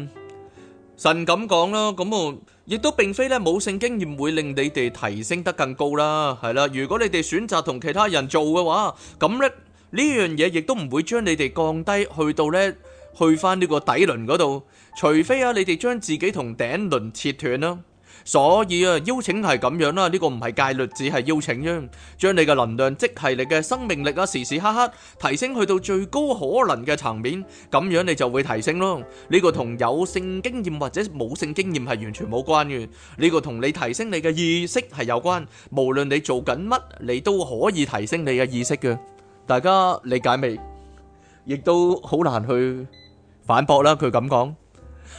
神咁講啦，咁我、啊。亦都並非咧，冇性經驗會令你哋提升得更高啦，係啦。如果你哋選擇同其他人做嘅話，咁咧，呢樣嘢亦都唔會將你哋降低去到咧，去翻呢個底輪嗰度，除非啊，你哋將自己同頂輪切斷啦。所以啊，邀請係咁樣啦，呢個唔係戒律，只係邀請啫。將你嘅能量，即係你嘅生命力啊，時時刻刻提升去到最高可能嘅層面，咁樣你就會提升咯。呢個同有性經驗或者冇性經驗係完全冇關嘅。呢個同你提升你嘅意識係有關，無論你做緊乜，你都可以提升你嘅意識嘅。大家理解未？亦都好難去反駁啦。佢咁講。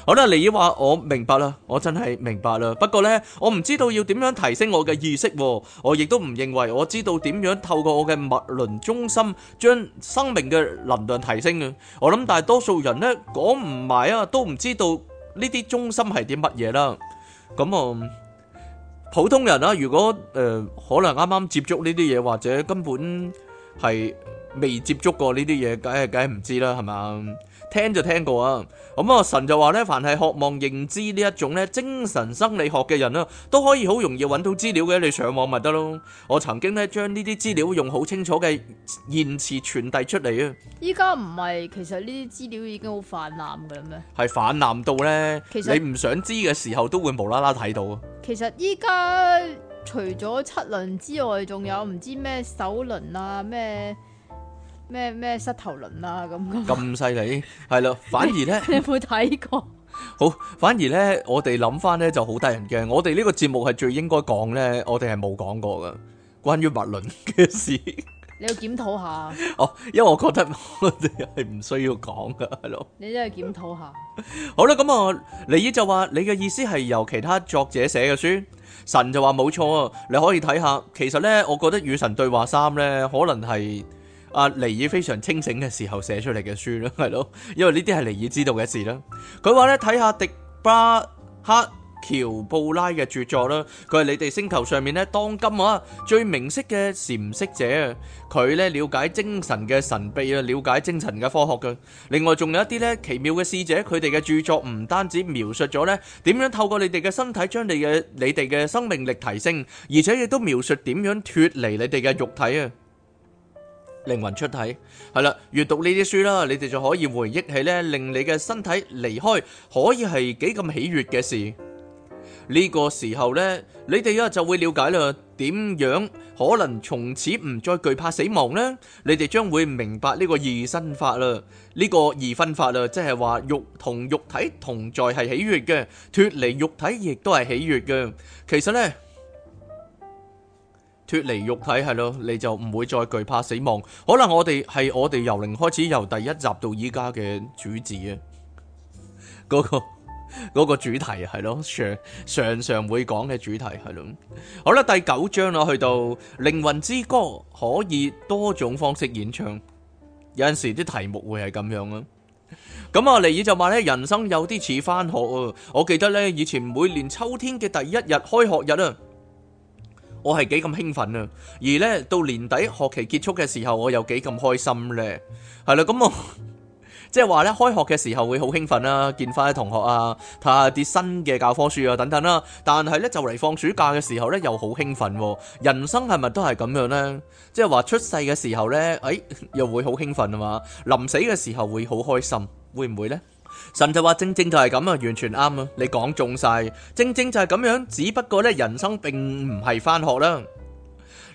好啦，你話我明白啦，我真係明白啦。不過呢，我唔知道要點樣提升我嘅意識，啊，我亦都唔認為我知道點樣透過我嘅物輪中心將生命嘅能量提升嘅，啊。我諗大多數人呢講唔埋啊，都唔知道呢啲中心係啲乜嘢啦。咁、嗯、啊，普通人啦，啊，如果誒、呃、可能啱啱接觸呢啲嘢，或者根本係未接觸過呢啲嘢，梗係梗係唔知啦，係嘛？聽就聽過啊，咁啊，神就話咧，凡係渴望認知呢一種咧精神生理學嘅人啊，都可以好容易揾到資料嘅，你上網咪得咯。我曾經咧將呢啲資料用好清楚嘅言辭傳遞出嚟啊。依家唔係，其實呢啲資料已經好泛濫噶咩？係泛濫到咧，其實你唔想知嘅時候都會無啦啦睇到。啊。其實依家除咗七輪之外，仲有唔知咩首輪啊咩？咩咩膝頭輪啊，咁咁犀利，係咯，反而咧。 [laughs] 你有冇睇過？好，反而咧，我哋諗翻咧就好得人驚。我哋呢個節目係最應該講咧，我哋係冇講過噶，關於物輪嘅事。你要檢討下。哦，因為我覺得我哋係唔需要講噶，係咯、啊。你都要檢討下。好啦，咁啊，李姨就話你嘅意思係由其他作者寫嘅書，神就話冇錯，你可以睇下。其實咧，我覺得與神對話三咧，可能係。啊！尼爾非常清醒嘅時候寫出嚟嘅書啦，係咯，因為呢啲係尼爾知道嘅事啦。佢話咧，睇下迪巴克喬布拉嘅著作啦，佢係你哋星球上面咧當今啊最明晰嘅禪識者，佢咧了解精神嘅神秘啊，了解精神嘅科學嘅。另外仲有一啲咧奇妙嘅師者，佢哋嘅著作唔單止描述咗咧點樣透過你哋嘅身體將你嘅你哋嘅生命力提升，而且亦都描述點樣脱離你哋嘅肉體啊。靈魂出體，係啦，閱讀呢啲書啦，你哋就可以回憶起咧，令你嘅身體離開，可以係幾咁喜悅嘅事。呢個時候咧，你哋啊就會了解啦，點樣可能從此唔再懼怕死亡呢？你哋將會明白呢個二身法啦，呢個二分法啦，即係話肉同肉體同在係喜悅嘅，脫離肉體亦都係喜悅嘅。其實呢。脫離肉體係咯，你就唔會再懼怕死亡。可能我哋係我哋由零開始，由第一集到依家嘅主旨啊，嗰個，嗰個主題係咯，常常常會講嘅主題係咯。好啦，第九章咯，去到靈魂之歌可以多種方式演唱。有陣時啲題目會係咁樣啊。咁阿尼爾就話咧，人生有啲似翻學啊。我記得咧，以前每年秋天嘅第一日開學日啊。我係幾咁興奮啊！而呢，到年底學期結束嘅時候，我又幾咁開心呢。係啦，咁我，嗯、 [laughs] 即係話呢，開學嘅時候會好興奮啦，見翻啲同學啊，睇下啲新嘅教科書啊等等啦。但係呢，就嚟放暑假嘅時、時候呢，哎、又好興奮。人生係咪都係咁樣呢？即係話出世嘅時候呢，誒又會好興奮啊嘛！臨死嘅時候會好開心，會唔會呢？神就話正正就係咁啊，完全啱啊，你講中晒，正正就係咁樣，只不過咧人生並唔係翻學啦。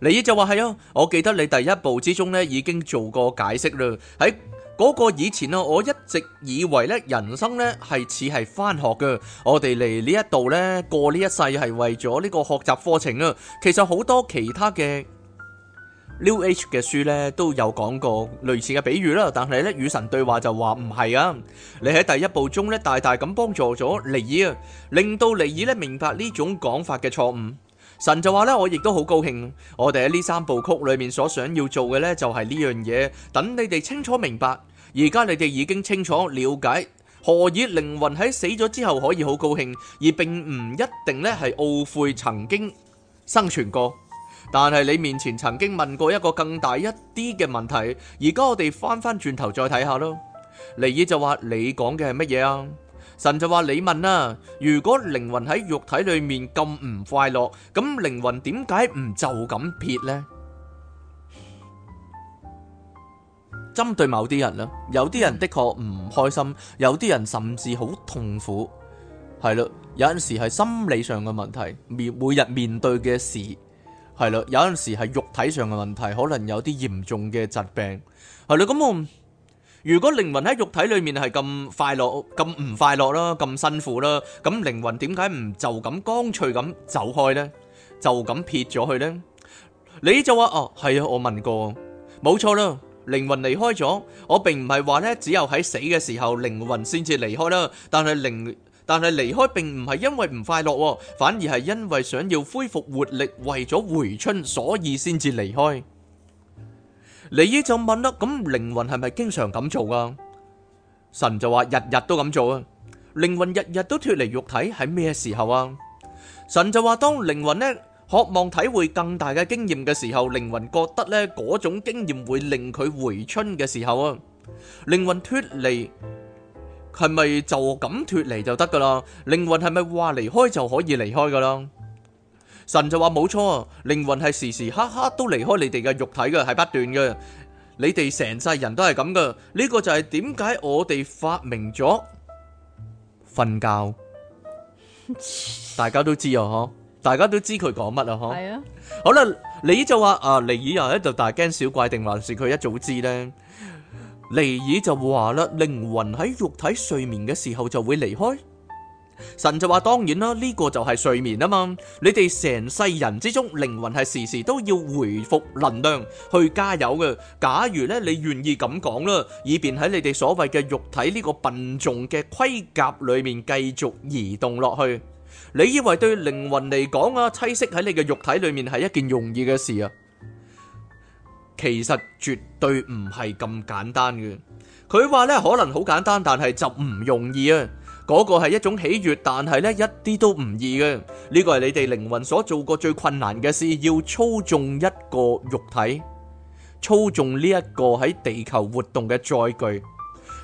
你呢就話係啊，我記得你第一步之中咧已經做過解釋啦，喺嗰個以前啊，我一直以為咧人生咧係似係翻學噶，我哋嚟呢一度咧過呢一世係為咗呢個學習課程啊，其實好多其他嘅。New Age 嘅書咧都有講過類似嘅比喻啦，但係咧與神對話就話唔係啊！你喺第一部中咧大大咁幫助咗尼爾，令到尼爾咧明白呢種講法嘅錯誤。神就話咧，我亦都好高興，我哋喺呢三部曲裏面所想要做嘅呢，就係呢樣嘢。等你哋清楚明白，而家你哋已經清楚了解，何以靈魂喺死咗之後可以好高興，而並唔一定咧係懊悔曾經生存過。但係你面前曾經問過一個更大一啲嘅問題，而家我哋翻翻轉頭再睇下咯。尼爾就話你講嘅係乜嘢啊？神就話你問啦。如果靈魂喺肉體裏面咁唔快樂，咁靈魂點解唔就咁撇呢？針對某啲人啦，有啲人的確唔開心，有啲人甚至好痛苦，係啦。有陣時係心理上嘅問題，面每日面對嘅事。係啦，有陣時係肉體上嘅問題，可能有啲嚴重嘅疾病。係啦，咁我如果靈魂喺肉體裏面係咁快樂，咁唔快樂啦，咁辛苦啦，咁靈魂點解唔就咁乾脆咁走開呢？就咁撇咗佢呢？你就話哦，係啊，我問過，冇錯啦，靈魂離開咗，我並唔係話呢只有喺死嘅時候靈魂先至離開啦，但係靈。但係離開並唔係因為唔快樂，反而係因為想要恢復活力，為咗回春，所以先至離開。尼爾就問啦：咁靈魂係咪經常咁做啊？神就話：日日都咁做啊！靈魂日日都脫離肉體，係咩時候啊？神就話：當靈魂呢渴望體會更大嘅經驗嘅時候，靈魂覺得呢嗰種經驗會令佢回春嘅時候啊，靈魂脫離。係咪就咁脫離就得噶啦？靈魂係咪話離開就可以離開噶啦？神就話，冇錯，靈魂係時時刻刻都離開你哋嘅肉體嘅，係不斷嘅。你哋成世人都係咁噶。呢個就係點解我哋發明咗瞓覺，大家都知啊，嗬？大家都知佢講乜啊，嗬？係啊。好啦，你就話啊，尼爾又喺度大驚小怪定還是佢一早知呢？尼爾就話啦，靈魂喺肉體睡眠嘅時候就會離開。神就話：當然啦，呢個就係睡眠啊嘛。你哋成世人之中，靈魂係時時都要回復能量去加油嘅。假如咧你願意咁講啦，以便喺你哋所謂嘅肉體呢個笨重嘅盔甲裏面繼續移動落去。你以為對靈魂嚟講啊，棲息喺你嘅肉體裏面係一件容易嘅事啊？其實絕對唔係咁簡單嘅。佢話咧可能好簡單，但係就唔容易啊。嗰個係一種喜悅，但係呢一啲都唔易嘅。呢個係你哋靈魂所做過最困難嘅事，要操縱一個肉體，操縱呢一個喺地球活動嘅載具。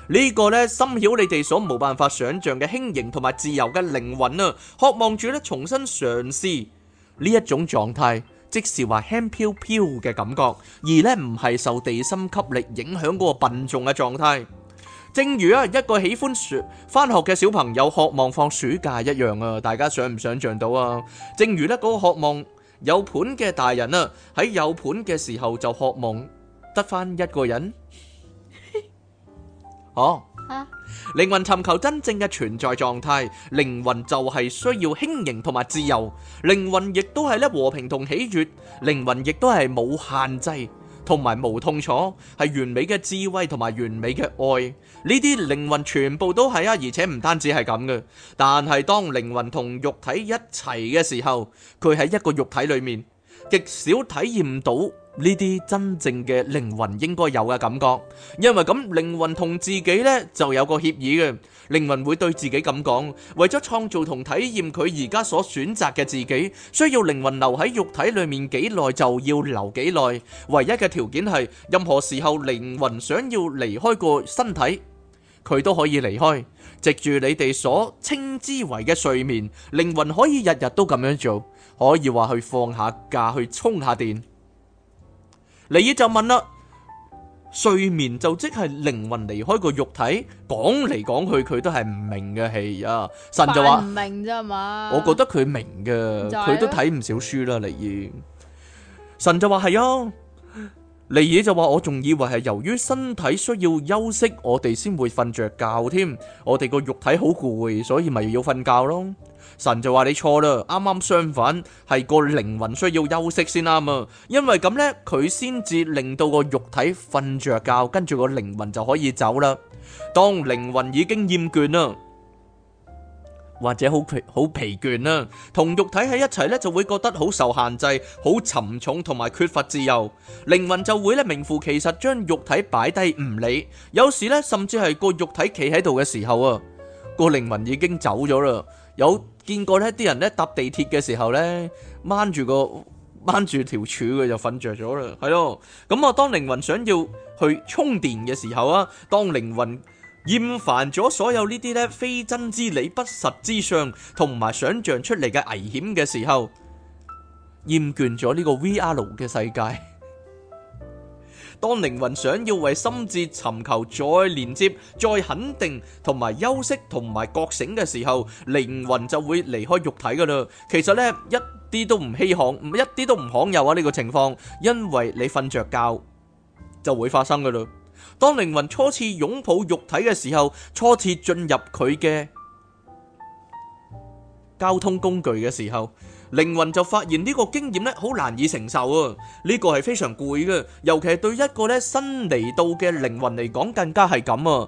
呢個呢，深曉你哋所冇辦法想象嘅輕盈同埋自由嘅靈魂啊，渴望住呢重新嘗試呢一種狀態。即是話輕飄飄嘅感覺，而呢唔係受地心吸力影響嗰個笨重嘅狀態。正如啊一個喜歡返學嘅小朋友渴望放暑假一樣啊，大家想唔想像到啊？正如呢個渴望有盤嘅大人啊，喺有盤嘅時候就渴望得返一個人，嚇。靈魂尋求真正嘅存在狀態，靈魂就係需要輕盈同埋自由，靈魂亦都係咧和平同喜悅，靈魂亦都係冇限制同埋無痛楚，係完美嘅智慧同埋完美嘅愛，呢啲靈魂全部都係啊，而且唔單止係咁嘅。但係當靈魂同肉體一齊嘅時候，佢喺一個肉體裏面極少體驗到。呢啲真正嘅靈魂應該有嘅感覺，因為咁靈魂同自己呢就有個協議嘅，靈魂會對自己咁講，為咗創造同體驗佢而家所選擇嘅自己，需要靈魂留喺肉體裏面幾耐就要留幾耐，唯一嘅條件係任何時候靈魂想要離開個身體，佢都可以離開。藉住你哋所稱之為嘅睡眠，靈魂可以日日都咁樣做，可以話去放下假去充下電。利野就問啦，睡眠就即係靈魂離開個肉體，講嚟講去佢都係唔明嘅戲啊。神就話唔明啫，係嘛？我覺得佢明嘅，佢都睇唔少書啦。利野神就話係啊，利野就話我仲以為係由於身體需要休息，我哋先會瞓着覺添。我哋個肉體好攰，所以咪要瞓覺咯。神就話你錯啦，啱啱相反係個靈魂需要休息先啱啊，因為咁呢，佢先至令到個肉體瞓着覺，跟住個靈魂就可以走啦。當靈魂已經厭倦啦，或者好疲好疲倦啦，同肉體喺一齊呢，就會覺得好受限制，好沉重，同埋缺乏自由。靈魂就會咧名副其實將肉體擺低唔理，有時呢，甚至係個肉體企喺度嘅時候啊，個靈魂已經走咗啦。有見過呢啲人咧，搭地鐵嘅時候呢，掹住個掹住條柱，佢就瞓着咗啦。係咯，哦，咁啊，當靈魂想要去充電嘅時候啊，當靈魂厭煩咗所有呢啲呢，非真之理、不實之相同埋想像出嚟嘅危險嘅時候，厭倦咗呢個 VR 嘅世界。當靈魂想要為心智尋求再連接、再肯定同埋休息同埋覺醒嘅時候，靈魂就會離開肉體㗎喇。其實呢，一啲都唔稀罕，唔一啲都唔罕有啊呢個情況，因為你瞓着覺就會發生㗎喇。當靈魂初次擁抱肉體嘅時候，初次進入佢嘅交通工具嘅時候。靈魂就發現呢個經驗咧，好難以承受啊！呢個係非常攰嘅，尤其係對一個咧新嚟到嘅靈魂嚟講，更加係咁啊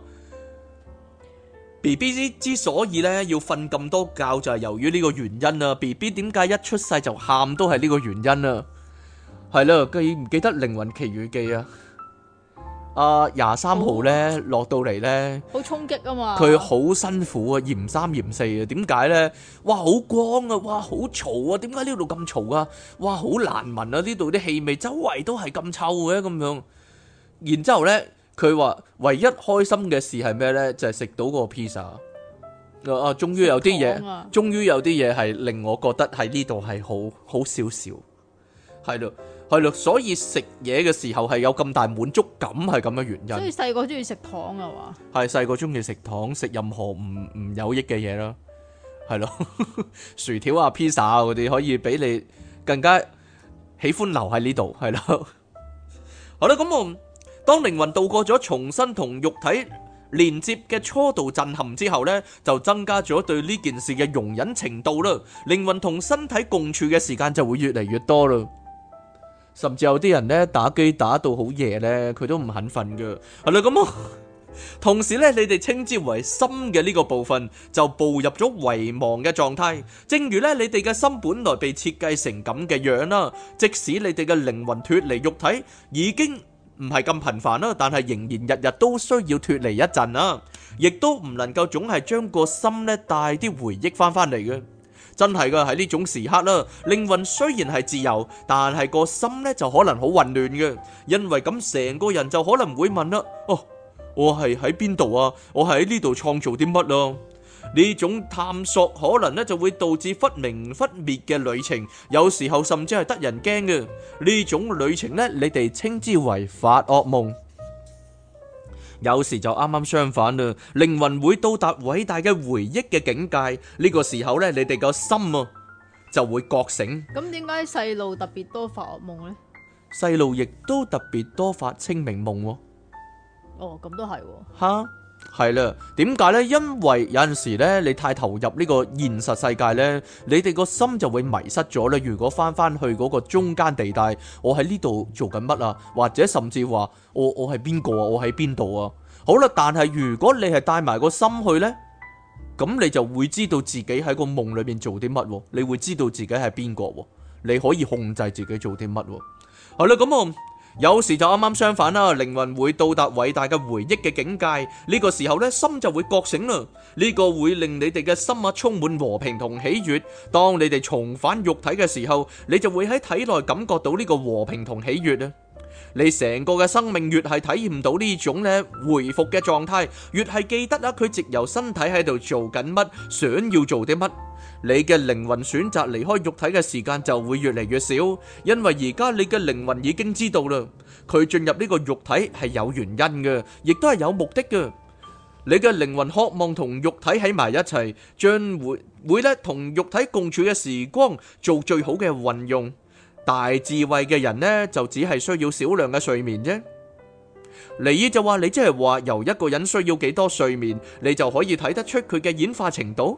！B B 之所以咧要瞓咁多覺，就係由於呢個原因啊。B B 點解一出世就喊，都係呢個原因啊？係啦，記唔記得《靈魂奇遇記》啊？啊！廿三號咧落到嚟咧，好衝擊啊嘛！佢好辛苦啊，嫌三嫌四啊！點解咧？哇！好光啊！哇！好嘈啊！點解呢度咁嘈啊？哇！好難聞啊！呢度啲氣味，周圍都係咁臭嘅、啊、咁樣。然之後咧，佢話唯一開心嘅事係咩咧？就係、是、食到個 pizza。啊終於啊！終於有啲嘢，終於有啲嘢係令我覺得喺呢度係好好少少，係咯。係咯，所以食嘢嘅時候係有咁大滿足感，係咁嘅原因。所以細個中意食糖啊嘛。係細個中意食糖，食任何唔唔有益嘅嘢咯。係咯，薯條啊、披薩啊嗰啲，可以俾你更加喜歡留喺呢度。係咯，好啦，咁我當靈魂度過咗重新同肉體連接嘅初度震撼之後呢，就增加咗對呢件事嘅容忍程度啦。靈魂同身體共處嘅時間就會越嚟越多啦。甚至有啲人咧打機打到好夜咧，佢都唔肯瞓㗎。係啦，咁啊，同時咧，你哋稱之為心嘅呢個部分就步入咗遺忘嘅狀態。正如咧，你哋嘅心本來被設計成咁嘅樣啦。即使你哋嘅靈魂脫離肉體已經唔係咁頻繁啦，但係仍然日日都需要脫離一陣啦、啊，亦都唔能夠總係將個心咧帶啲回憶返返嚟嘅。真係噶，喺呢種時刻啦，靈魂雖然係自由，但係個心咧就可能好混亂嘅，因為咁成個人就可能會問啦：哦，我係喺邊度啊？我喺呢度創造啲乜咯？呢種探索可能咧就會導致忽明忽滅嘅旅程，有時候甚至係得人驚嘅。呢種旅程咧，你哋稱之為發噩夢。有時就啱啱相反啦，靈魂會到達偉大嘅回憶嘅境界，呢個時候呢，你哋個心啊就會覺醒。咁點解細路特別多發噩夢呢？細路亦都特別多發清明夢。哦，咁都係。吓。係啦，點解呢？因為有陣時咧，你太投入呢個現實世界呢，你哋個心就會迷失咗咧。如果返返去嗰個中間地帶，我喺呢度做緊乜啊？或者甚至話，我我係邊個啊？我喺邊度啊？好啦，但係如果你係帶埋個心去呢，咁你就會知道自己喺個夢裏面做啲乜，你會知道自己係邊個，你可以控制自己做啲乜。好啦，咁、嗯、我。有時就啱啱相反啦，靈魂會到達偉大嘅回憶嘅境界呢、這個時候呢，心就會覺醒啦。呢、這個會令你哋嘅心物充滿和平同喜悅。當你哋重返肉體嘅時候，你就會喺體內感覺到呢個和平同喜悅啊。你成個嘅生命越係體驗到種呢種咧回復嘅狀態，越係記得啦，佢藉由身體喺度做緊乜，想要做啲乜。你嘅靈魂選擇離開肉體嘅時間就會越嚟越少，因為而家你嘅靈魂已經知道啦，佢進入呢個肉體係有原因嘅，亦都係有目的嘅。你嘅靈魂渴望同肉體喺埋一齊，將會會咧同肉體共處嘅時光做最好嘅運用。大智慧嘅人呢，就只係需要少量嘅睡眠啫。你就話你即係話由一個人需要幾多睡眠，你就可以睇得出佢嘅演化程度。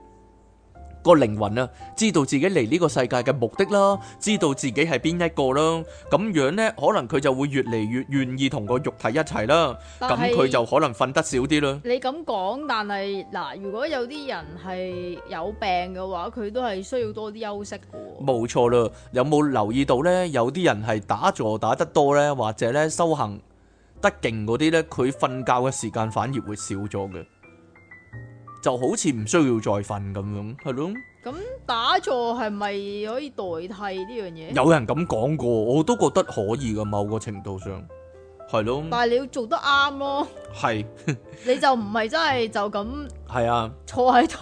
個靈魂啊，知道自己嚟呢個世界嘅目的啦，知道自己係邊一個啦，咁樣咧，可能佢就會越嚟越願意同個肉體一齊啦，咁佢就可能瞓得少啲啦。你咁講，但係嗱，如果有啲人係有病嘅話，佢都係需要多啲休息喎。冇錯啦，有冇留意到咧？有啲人係打坐打得多咧，或者咧修行得勁嗰啲咧，佢瞓覺嘅時間反而會少咗嘅。就好似唔需要再瞓咁樣，係咯。咁打坐係咪可以代替呢樣嘢？有人咁講過，我都覺得可以噶，某個程度上，係咯。但係你要做得啱咯，係。你就唔係真係就咁，係啊，坐喺度。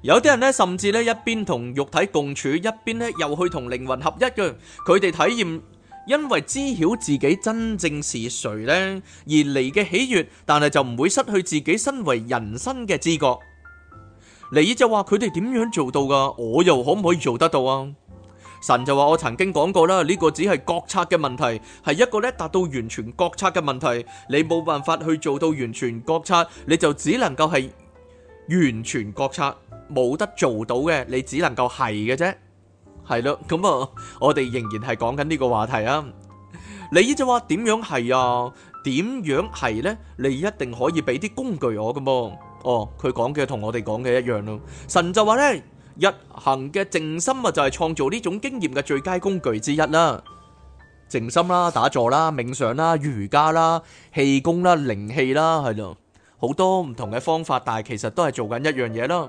有啲人呢，甚至呢一邊同肉體共處，一邊呢又去同靈魂合一嘅，佢哋體驗。因為知曉自己真正是誰呢，而嚟嘅喜悦，但係就唔會失去自己身為人身嘅知覺。你就話佢哋點樣做到噶？我又可唔可以做得到啊？神就話我曾經講過啦，呢個只係覺察嘅問題，係一個咧，達到完全覺察嘅問題。你冇辦法去做到完全覺察，你就只能夠係完全覺察，冇得做到嘅，你只能夠係嘅啫。係咯，咁啊，我哋仍然係講緊呢個話題啊。你依就話點樣係啊？點樣係咧？你一定可以俾啲工具我噶噃。哦，佢講嘅同我哋講嘅一樣咯。神就話咧，日行嘅靜心啊，就係創造呢種經驗嘅最佳工具之一啦。靜心啦，打坐啦，冥想啦，瑜伽啦，氣功啦，靈氣啦，係咯，好多唔同嘅方法，但係其實都係做緊一樣嘢啦。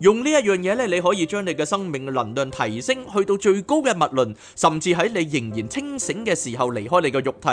用呢一樣嘢咧，你可以將你嘅生命能量提升去到最高嘅物輪，甚至喺你仍然清醒嘅時候離開你嘅肉體，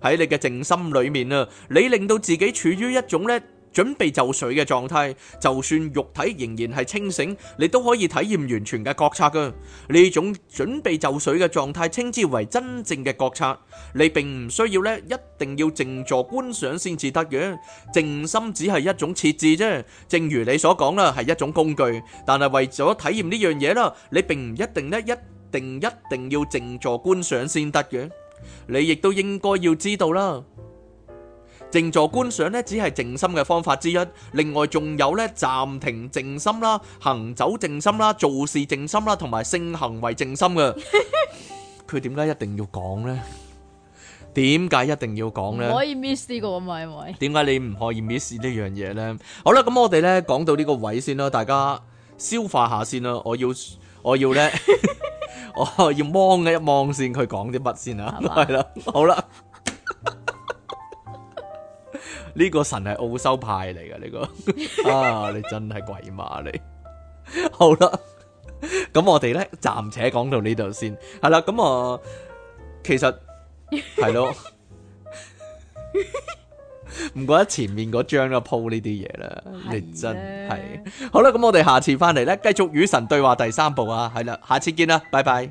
喺你嘅靜心裏面啊，你令到自己處於一種咧。準備就緒嘅狀態，就算肉體仍然係清醒，你都可以體驗完全嘅覺察噶。呢種準備就緒嘅狀態，稱之為真正嘅覺察。你並唔需要咧，一定要靜坐觀賞先至得嘅。靜心只係一種設置啫，正如你所講啦，係一種工具。但係為咗體驗呢樣嘢啦，你並唔一定咧，一定一定要靜坐觀賞先得嘅。你亦都應該要知道啦。靜坐觀想咧，只係靜心嘅方法之一。另外仲有咧暫停靜心啦、行走靜心啦、做事靜心啦，同埋性行為靜心嘅。佢點解一定要講咧？點解一定要講咧？唔可以 miss 呢個啊嘛，係咪？點解你唔可以 miss 呢樣嘢咧？好啦，咁我哋咧講到呢個位先啦，大家消化下先啦。我要我要咧，我我要望一望先，佢講啲乜先啊？係啦，好啦。呢個神係澳洲派嚟噶，呢、呢個 [laughs] 啊你真係鬼馬嚟！你 [laughs] 好啦，咁我哋咧暫且講到呢度先，係啦，咁啊，其實係咯，唔覺得前面嗰張啊鋪呢啲嘢啦，的你真係 [laughs] 好啦，咁我哋下次翻嚟咧，繼續與神對話第三部啊，係啦，下次見啦，拜拜。